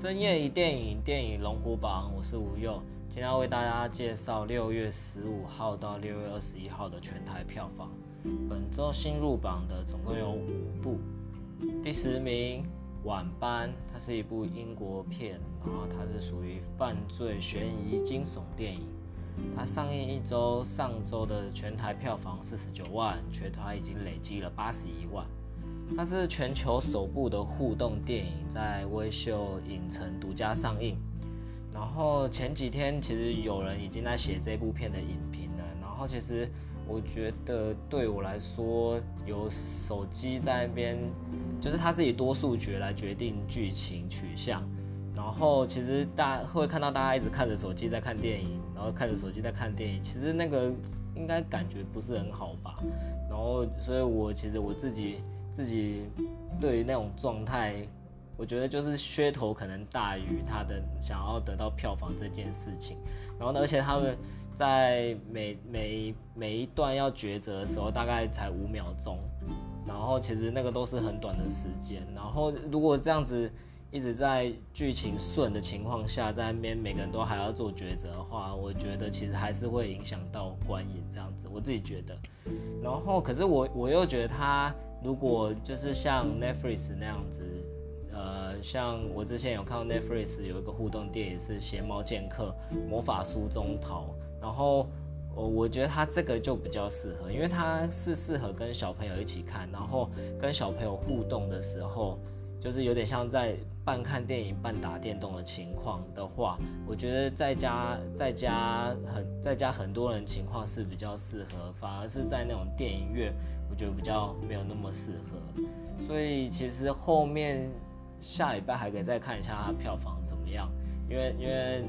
深夜一電影，電影龍虎榜，我是吳佑，今天要為大家介紹六月十五號到六月二十一號的全台票房。本周新入榜的總共有五部。第十名《晚班》，它是一部英國片，然後它是屬於犯罪懸疑驚悚電影。它上映一周，上周的全台票房四十九萬，全台已經累積了八十一萬。它是全球首部的互動電影，在威秀影城獨家上映。然後前幾天其實有人已經在寫這部片的影評了。然後其實我覺得對我來說，有手機在那邊，就是它是以多視角來決定劇情取向。然後其實大家會看到大家一直看着手機在看電影，然後看着手機在看電影，其實那個應該感覺不是很好吧。然後，所以我其實我自己自己對於那種狀態，我覺得就是噱頭可能大於他的想要得到票房這件事情。然後呢，而且他們在每每每一段要抉擇的時候，大概才五秒鐘。然後，其實那個都是很短的時間。然後，如果這樣子。一直在劇情順的情況下，在那邊每個人都還要做抉擇的話，我覺得其實還是會影響到觀影這樣子，我自己覺得。然後，可是我我又覺得他如果就是像 Netflix 那樣子，呃，像我之前有看到 Netflix 有一個互動電影是《鞋貓劍客魔法書中逃》，然後我覺得他這個就比較適合，因為他是適合跟小朋友一起看，然後跟小朋友互動的時候。就是有點像在半看電影半打電動的情況的話，我覺得在家在家很在家很多人情況是比較適合，反而是在那種電影院，我覺得比較沒有那麼適合。所以其實後面下禮拜還可以再看一下它的票房怎麼樣，因為因為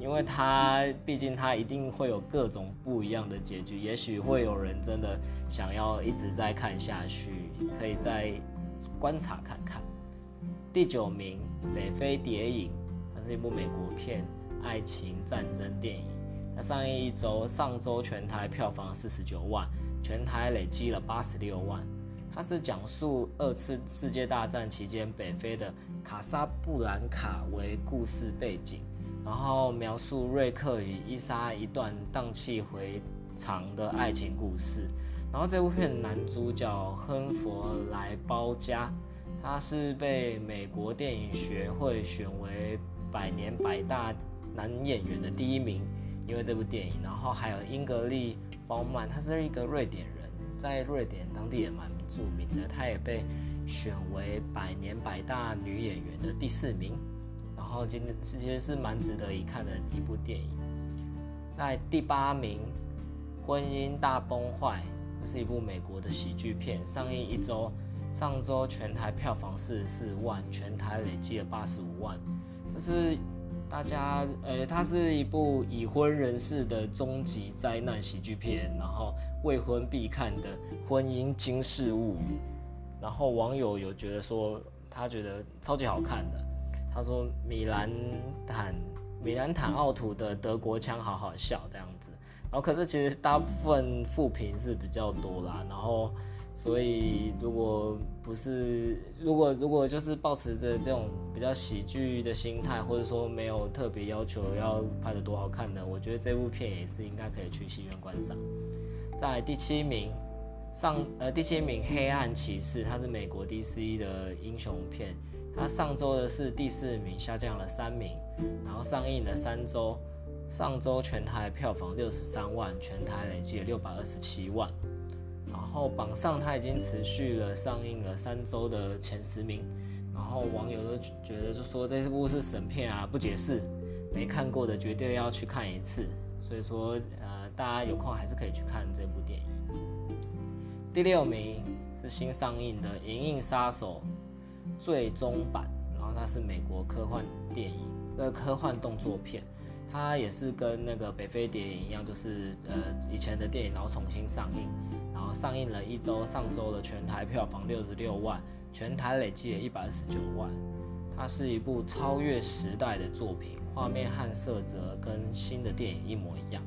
因為它畢竟它一定會有各種不一樣的結局，也許會有人真的想要一直在看下去，可以在。觀察看看。第九名《北非諜影》，它是一部美國片，愛情戰爭電影。它上一周，上周全台票房四十九萬，全台累積了八十六萬。它是講述二次世界大戰期間北非的卡薩布蘭卡為故事背景，然後描述瑞克與伊莎一段蕩氣回腸的愛情故事。然後這部片男主角亨佛萊鮑嘉，他是被美國電影學會選為百年百大男演員的第一名，因為這部電影。然後還有英格麗褒曼，他是一個瑞典人，在瑞典當地也蠻著名的，他也被選為百年百大女演員的第四名。然後今天是其實是蠻值得一看的一部電影，在第八名，《婚姻大崩壞》。是一部美國的喜劇片，上映一周，上周全台票房四十四萬，全台累計了八十五萬。這是大家，呃、欸，它是一部已婚人士的終極災難喜劇片，然後未婚必看的婚姻驚世物語。然後網友有覺得說，他覺得超級好看的，他說米蘭坦米蘭坦奧圖的德國腔好好笑，這樣子。然後，可是其實大部分負評是比較多啦，然後，所以如果不是，如果如果就是抱持著，這種比較喜劇的心態，或者說沒有特別要求要拍得多好看的，我覺得這部片也是應該可以去戲院觀賞。再來第七名，上呃第七名《黑暗騎士》，它是美國 DC 的英雄片，它上周的是第四名，下降了三名，然後上映了三周。上周全台票房六十三萬，全台累計了六百二十七萬。然後榜上它已經持續了上映了三周的前十名。然後網友都覺得就說，這部是神片啊，不解釋，沒看過的絕對要去看一次。所以說呃，大家有空還是可以去看這部電影。第六名是新上映的《銀翼殺手》最終版，然後它是美國科幻電影，的科幻動作片。它也是跟那個北非諜影一樣，就是呃以前的電影，然後重新上映，然後上映了一周，上周的全台票房六十六萬，全台累計也一百二十九萬。它是一部超越時代的作品，畫面和色澤跟新的電影一模一樣。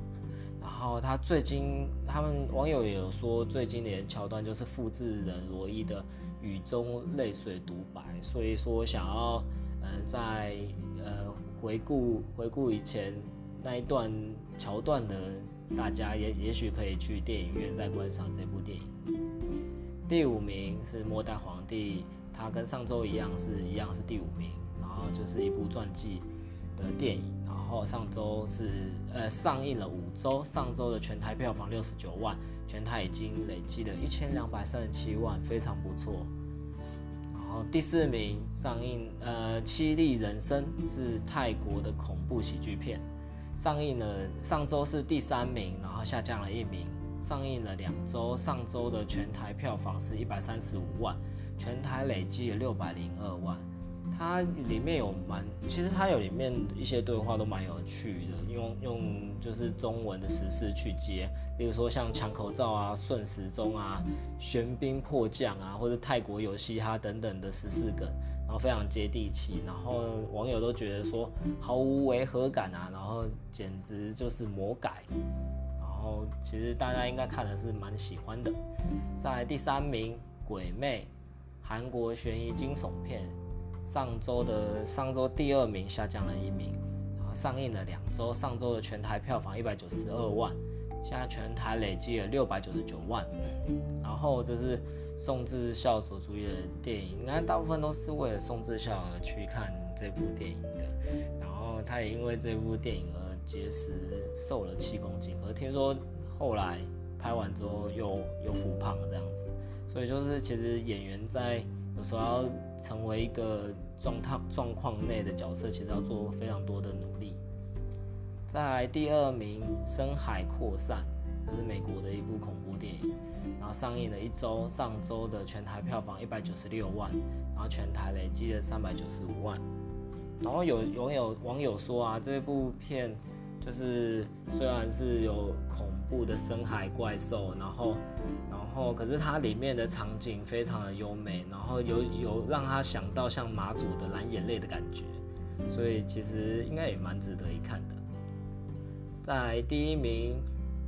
然後它最近，他們網友也有說，最經典的橋段就是複制人羅伊的雨中淚水獨白。所以說，我想要嗯在呃。在呃回顧回顧以前那一段橋段的，大家也也許可以去電影院再觀賞這部電影。第五名是《末代皇帝》，它跟上周一樣是一樣是第五名，然後就是一部傳記的電影。然後上周是呃上映了五周，上周的全台票房六十九萬，全台已經累積了一千兩百三十七萬，非常不錯。第四名上映，呃，《淒厲人僧》是泰國的恐怖喜劇片，上映了。上周是第三名，然後下降了一名。上映了兩周，上周的全台票房是一百三十五萬，全台累計了六百零二萬。它裡面有蠻，其實它有裡面一些對話都蠻有趣的，用用就是中文的時事去接，例如說像搶口罩啊、順時鐘啊、玄彬迫降啊，或者泰國有嘻哈等等的時事梗，然後非常接地氣，然後網友都覺得說毫無違和感啊，然後簡直就是魔改，然後其實大家應該看的是蠻喜歡的。再來第三名，鬼妹《鬼魅》，韓國懸疑驚悚片。上周的上周第二名下降了一名，然後上映了兩周。上周的全台票房一百九十二萬，現在全台累計了六百九十九萬，嗯。然後這是宋智孝所主演的電影，應該大部分都是為了宋智孝而去看這部電影的。然後他也因為這部電影而節食，瘦了七公斤，而聽說後來拍完之後又又復胖了這樣子。所以就是其實演員在有時候要。成為一個狀態狀況內的角色，其實要做非常多的努力。再來第二名，《深海擴散》，這是美國的一部恐怖電影，然後上映了一周，上周的全台票房一百九十六萬，然後全台累積了三百九十五萬。然後有有有網友說啊，這部片。就是雖然是有恐怖的深海怪獸，然後，然後，可是它裡面的場景非常的優美，然後有有讓他想到像馬祖的藍眼淚的感覺，所以其實應該也蠻值得一看的。再來第一名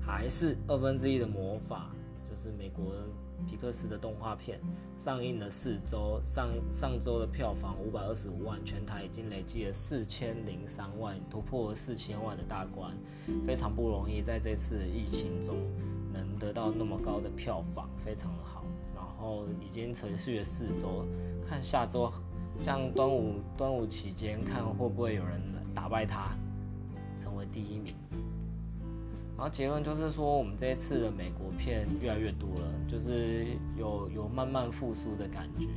還是二分之一的魔法，就是美國。皮克斯的動畫片上映了四周，上上周的票房五百二十五萬，全台已經累計了四千零三萬，突破四千萬的大關，非常不容易。在這次的疫情中能得到那麼高的票房，非常的好。然後已經持續了四周，看下周像端午端午期間，看會不會有人打敗他，成為第一名。然後結論就是說，我們這一次的美國片越來越多了，就是有有慢慢復甦的感覺。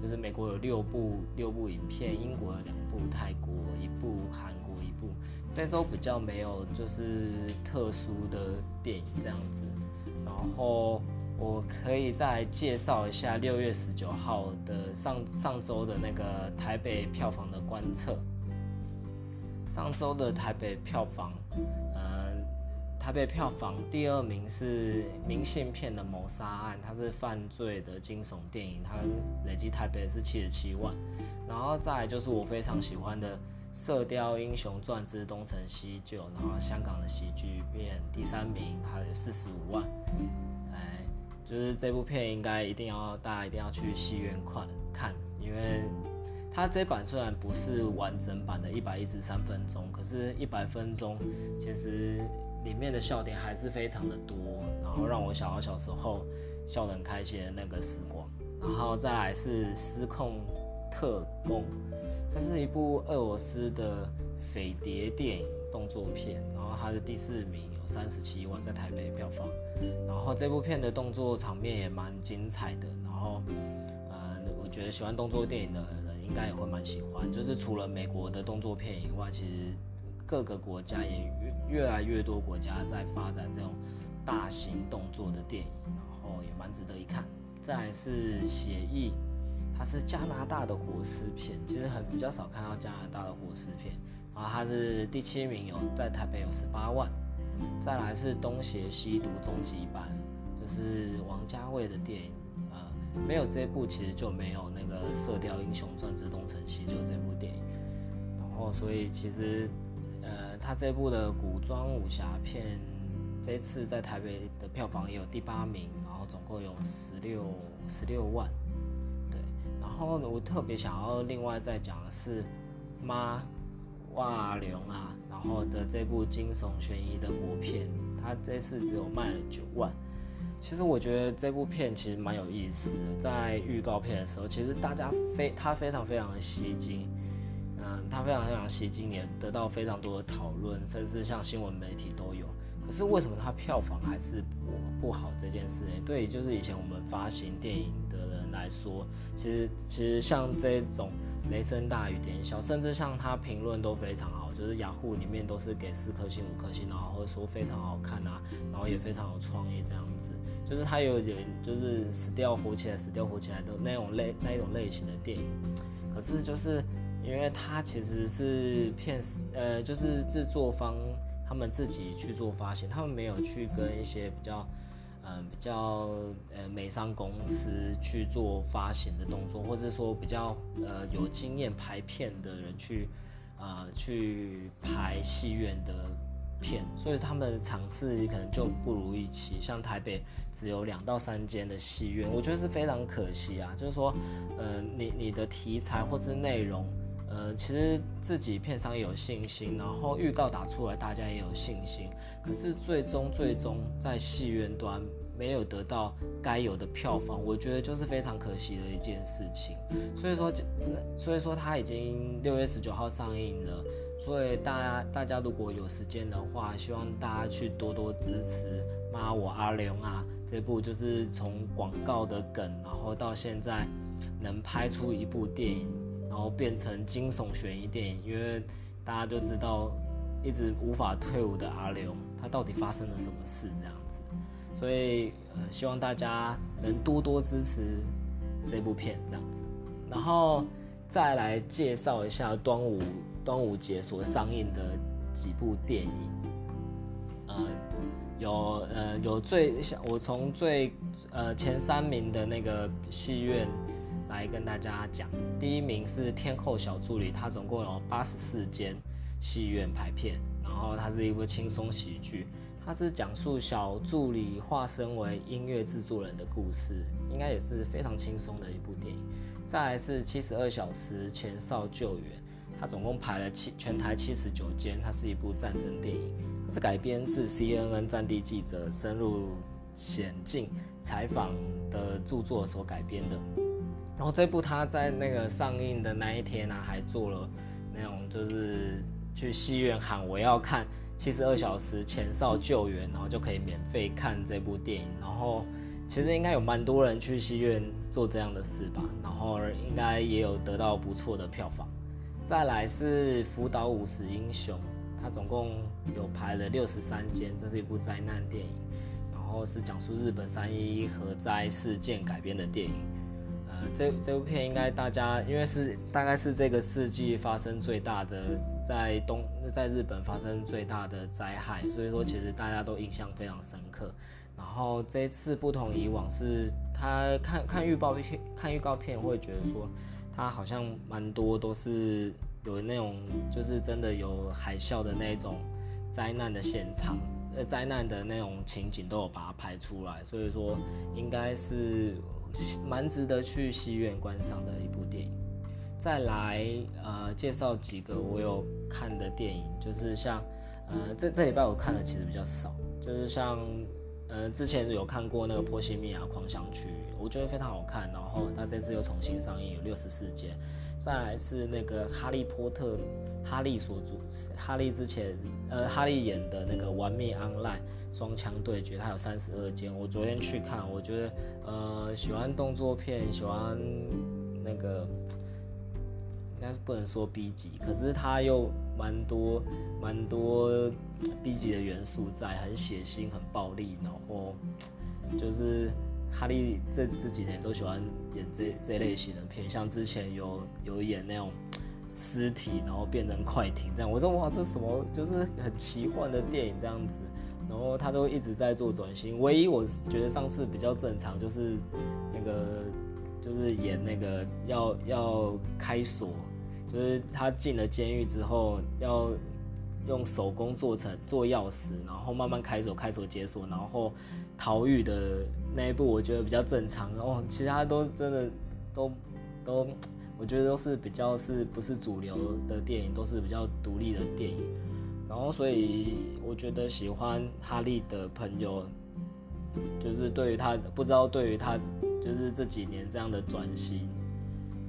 就是美國有六部六部影片，英國有兩部，泰國一部，韓國一部。這周比較沒有就是特殊的電影這樣子。然後我可以再介紹一下六月十九號的上上周的那個台北票房的觀測。上周的台北票房。台北票房第二名是《明信片的謀殺案》，它是犯罪的驚悚電影，它累計台北是七十七萬。然後再來就是我非常喜歡的《射鵰英雄傳之東成西就》，然後香港的喜劇片第三名它45，它有四十五萬。就是這部片應該一定要大家一定要去戲院看看，因為它這版雖然不是完整版的一百一十三分鐘，可是一百分鐘其實。裡面的笑點還是非常的多，然後讓我想到小時候笑得很開心的那個時光。然後再來是《失控特工》，這是一部俄羅斯的匪諜電影動作片，然後它的第四名有三十七萬在台北票房。然後這部片的動作場面也蠻精彩的，然後，呃，我覺得喜歡動作電影的人應該也會蠻喜歡。就是除了美國的動作片以外，其實各個國家也。越來越多國家在發展這種大型動作的電影，然後也蠻值得一看。再來是《寫意》，它是加拿大的活屍片，其實很比較少看到加拿大的活屍片。然後它是第七名，有在台北有十八萬。再來是《東邪西毒》終極版，就是王家衛的電影。呃，沒有這部其實就沒有那個《射雕英雄傳之東成西就》這部電影。然後所以其實。他這部的古裝武俠片，這次在台北的票房也有第八名，然後總共有十六十六萬，對。然後呢我特別想要另外再講的是，媽，哇劉啊，然後的這部驚悚懸疑的國片，他這次只有賣了九萬。其實我覺得這部片其實蠻有意思的，在預告片的時候，其實大家非他非常非常的吸睛。嗯，他非常非常吸睛，也得到非常多的討論，甚至像新聞媒體都有。可是為什麼他票房還是不不好這件事呢？對，就是以前我們發行電影的人來說，其實其實像這種雷聲大雨點小，甚至像他評論都非常好，就是雅虎裡面都是給四顆星五顆星，然後會說非常好看啊，然後也非常有創意這樣子。就是他有點就是死掉活起來，死掉活起來的那種類那一種類型的電影，可是就是。因為他其實是片，呃，就是製作方他們自己去做發行，他們沒有去跟一些比較，嗯、呃，比較呃美商公司去做發行的動作，或者說比較呃有經驗拍片的人去，啊、呃，去拍戲院的片，所以他們的場次可能就不如預期。像台北只有兩到三間的戲院，我覺得是非常可惜啊。就是說，呃，你你的題材或是內容。呃，其實自己片商也有信心，然後預告打出來，大家也有信心。可是最終最終在戲院端沒有得到該有的票房，我覺得就是非常可惜的一件事情。所以說，所以說它已經六月十九號上映了。所以大家大家如果有時間的話，希望大家去多多支持《媽我阿龍啊》這部，就是從廣告的梗，然後到現在能拍出一部電影。然後變成驚悚懸疑電影，因為大家就知道一直無法退伍的阿劉，他到底發生了什麼事這樣子，所以，呃，希望大家能多多支持這部片這樣子，然後再來介紹一下端午端午節所上映的幾部電影，呃有呃有最我從最呃前三名的那個戲院，來跟大家講，第一名是天后小助理，它總共有八十四間戲院排片，然後它是一部輕鬆喜劇，它是講述小助理化身為音樂製作人的故事，應該也是非常輕鬆的一部電影。再來是七十二小時前哨救援，它總共排了七全台七十九間，它是一部戰爭電影，它是改編自 CNN 戰地記者深入險境採訪的著作所改編的。然後這部他在那個上映的那一天呢、啊，還做了那種就是去戲院喊我要看七十二小時前哨救援，然後就可以免費看這部電影。然後其實應該有蠻多人去戲院做這樣的事吧，然後應該也有得到不錯的票房。再來是福島五十英雄，它總共有排了六十三間，這是一部災難電影，然後是講述日本三一一核災事件改編的電影。呃、這這部片應該大家，因為是大概是這個世紀發生最大的，在東在日本發生最大的災害，所以說其實大家都印象非常深刻。然後這次不同以往，是他看看預告片，看預告片會覺得說，他好像蠻多都是有那種，就是真的有海嘯的那種災難的現場，呃、災難的那種情景都有把它拍出來，所以說應該是。蠻值得去戲院觀賞的一部電影，再來呃介紹幾個我有看的電影，就是像呃這這禮拜我看的其實比較少，就是像。嗯、呃，之前有看過那個《波西米亞狂想曲》，我覺得非常好看。然後他這次又重新上映，有六十四間。再來是那個《哈利波特》，哈利所主持，哈利之前，呃，哈利演的那個《玩命 online》雙槍對決，它有三十二間。我昨天去看，我覺得，呃，喜歡動作片，喜歡那個，應該是不能說 B 級，可是他又。蠻多蠻多 B 級的元素在，很血腥、很暴力，然後就是哈利這這幾年都喜歡演這這類型的片，像之前有有演那種屍體然後變成快艇這樣，我說哇，這什麼，就是很奇幻的電影這樣子，然後他都一直在做轉型，唯一我覺得上次比較正常就是那個就是演那個要要開鎖。就是他進了監獄之後，要用手工做成做鑰匙，然後慢慢開鎖、開鎖、解鎖，然後逃獄的那一部，我覺得比較正常。然後其他都真的都都，我覺得都是比較是不是主流的電影，都是比較獨立的電影。然後所以我覺得喜歡哈利的朋友，就是對於他不知道對於他，就是這幾年這樣的轉型。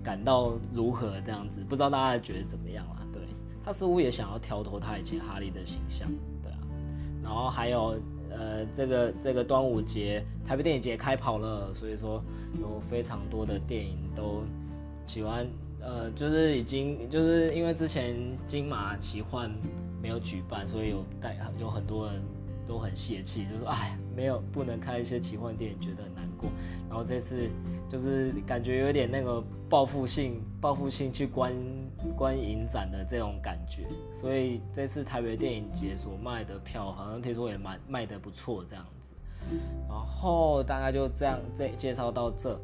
感到如何這樣子？不知道大家覺得怎麼樣啦？對，他似乎也想要跳脫他以前哈利的形象，對啊。然後還有呃，這個這個端午節，台北電影節開跑了，所以說有非常多的電影都喜歡呃，就是已經就是，因為之前金馬奇幻沒有舉辦，所以有帶有很多人都很洩氣，就是說哎，沒有不能看一些奇幻電影，覺得很。然後這次就是感覺有點那個報復性、報復性去觀觀影展的這種感覺，所以這次台北電影節所賣的票，好像聽說也蠻賣得不錯，這樣子。然後大概就這樣，這介紹到這。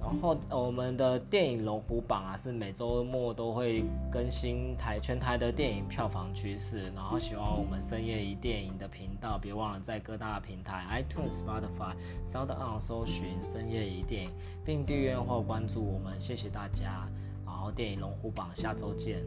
然後、呃、我們的電影龍虎榜啊，是每周末都會更新台全台的電影票房趨勢。然後希望我們深夜一電影的頻道，別忘了在各大平台、iTunes、Spotify、SoundOn，搜尋深夜一電影，並訂閱或關注我們，謝謝大家。然後電影龍虎榜下周見。